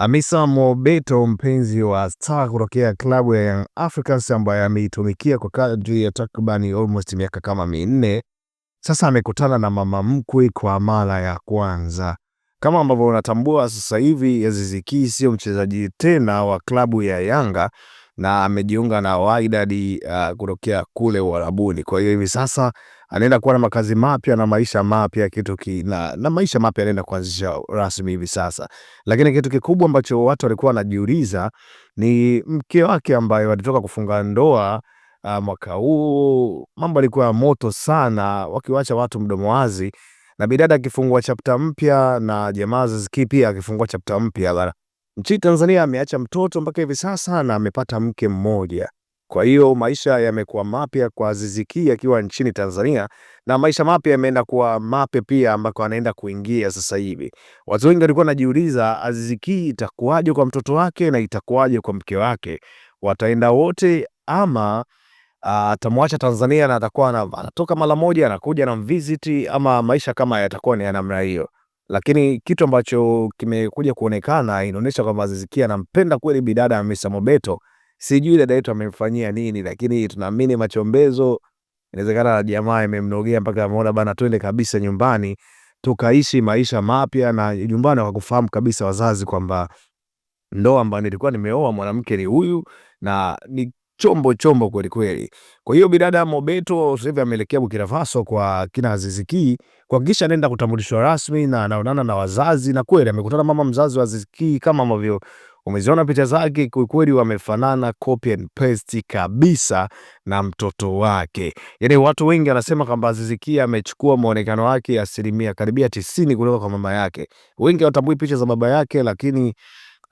Hamisa Mobeto, mpenzi wa Star kutokea klabu ya Young Africans ambaye ameitumikia kwa kadri ya takribani almost miaka kama minne sasa, amekutana na mama mkwe kwa mara ya kwanza. Kama ambavyo unatambua sasa hivi, Aziz Ki sio mchezaji tena wa klabu ya Yanga, na amejiunga na Wydad uh, kutokea kule Uarabuni. Kwa hiyo hivi sasa anaenda kuwa na makazi mapya na maisha mapya kitu ki, na, na maisha mapya anaenda kuanzisha rasmi hivi sasa, lakini kitu kikubwa ambacho watu walikuwa wanajiuliza ni mke wake ambaye walitoka kufunga ndoa uh, mwaka huu. Mambo alikuwa moto sana, wakiwacha watu mdomo wazi, na bidada akifungua chapta mpya na jamaa Ziziki pia akifungua chapta mpya nchini Tanzania ameacha mtoto mpaka hivi sasa na amepata mke mmoja. Kwa hiyo maisha yamekuwa mapya kwa Azizi akiwa nchini Tanzania, na maisha mapya yameenda kuwa mapya pia ambako anaenda kuingia sasa hivi. Watu wengi walikuwa wanajiuliza Aziziki itakuwaje kwa mtoto wake na itakuwaje kwa mke wake, wataenda wote ama ah, atamwacha uh, Tanzania na atakuwa anatoka mara moja anakuja na mvisiti, ama maisha kama yatakuwa ni ya namna hiyo. Lakini kitu ambacho kimekuja kuonekana inaonyesha kwamba Aziz Ki anampenda kweli bidada ya Hamisa Mobeto. Sijui dada yetu amemfanyia nini, lakini tunaamini machombezo, inawezekana jamaa imemnogea mpaka ameona bana, twende kabisa nyumbani tukaishi maisha mapya, na nyumbani wakakufahamu kabisa wazazi kwamba ndoa ambayo nilikuwa nimeoa mwanamke ni huyu na ni chombo chombo kweli kweli. Kwa hiyo bidada Mobeto sasa hivi ameelekea Burkina Faso kwa kina Aziz Ki kuhakikisha anaenda kutambulishwa rasmi na anaonana na wazazi, na kweli amekutana mama mzazi wa Aziz Ki kama ambavyo umeziona picha zake, kwa kweli wamefanana copy and paste kabisa na mtoto wake. Yaani watu wengi wanasema kwamba Aziz Ki amechukua muonekano wake asilimia karibia tisini kutoka kwa mama yake. Wengi watambui picha za baba yake lakini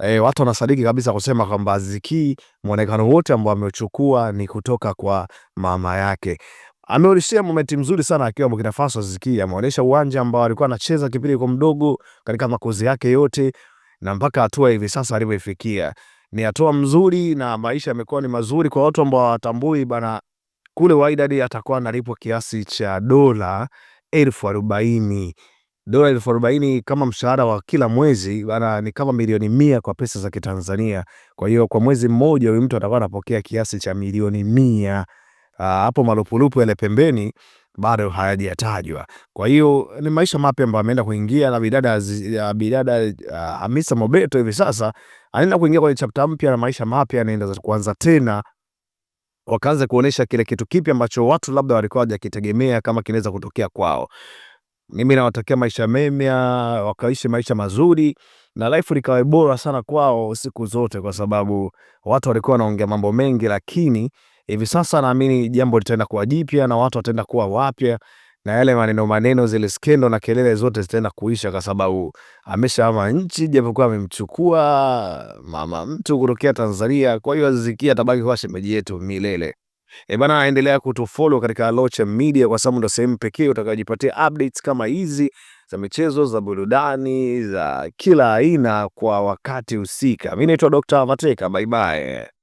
e, watu wanasadiki kabisa kusema kwamba Azikii mwonekano wote ambao ameuchukua ni kutoka kwa mama yake. Ameonyesha momenti mzuri sana akiwa Burkina Faso. Azikii ameonyesha uwanja ambao alikuwa anacheza kipindi kwa mdogo katika makozi yake yote na mpaka hatua hivi sasa alivyofikia ni hatua mzuri, na maisha yamekuwa ni mazuri kwa watu ambao hawatambui bana. Kule Wydad atakuwa analipwa kiasi cha dola elfu arobaini dola elfu arobaini kama mshahara wa kila mwezi bana, ni kama milioni mia kwa pesa za Kitanzania. Kwa hiyo kwa mwezi mmoja huyu mtu atakuwa anapokea kiasi cha milioni mia. Ah, hapo malupulupu yale pembeni bado hayajatajwa. Kwa hiyo ni maisha mapya ambayo ameenda kuingia na bidada bidada ah, Hamisa Mobeto hivi sasa anaenda kuingia kwenye chapta mpya na maisha mapya, anaenda kuanza tena wakaanza kuonesha kile kitu kipya ambacho watu labda walikuwa hawajakitegemea kama kinaweza kutokea kwao. Mimi nawatakia maisha mema, wakaishi maisha mazuri na life likawa bora sana kwao siku zote, kwa sababu watu walikuwa wanaongea mambo mengi, lakini hivi sasa naamini jambo litaenda kuwa jipya na watu wataenda kuwa wapya, na yale maneno maneno, zile skendo na kelele zote zitaenda kuisha, kwa sababu ameshaama nchi, japokuwa amemchukua mama mtu kutokea Tanzania. Kwa hiyo Aziz Ki atabaki kuwa shemeji yetu milele. E bana, endelea kutufollow katika Locha Media kwa sababu ndo sehemu pekee utakayojipatia updates kama hizi za michezo, za burudani, za kila aina kwa wakati husika. Mimi naitwa Dr. Mateka, bye bye.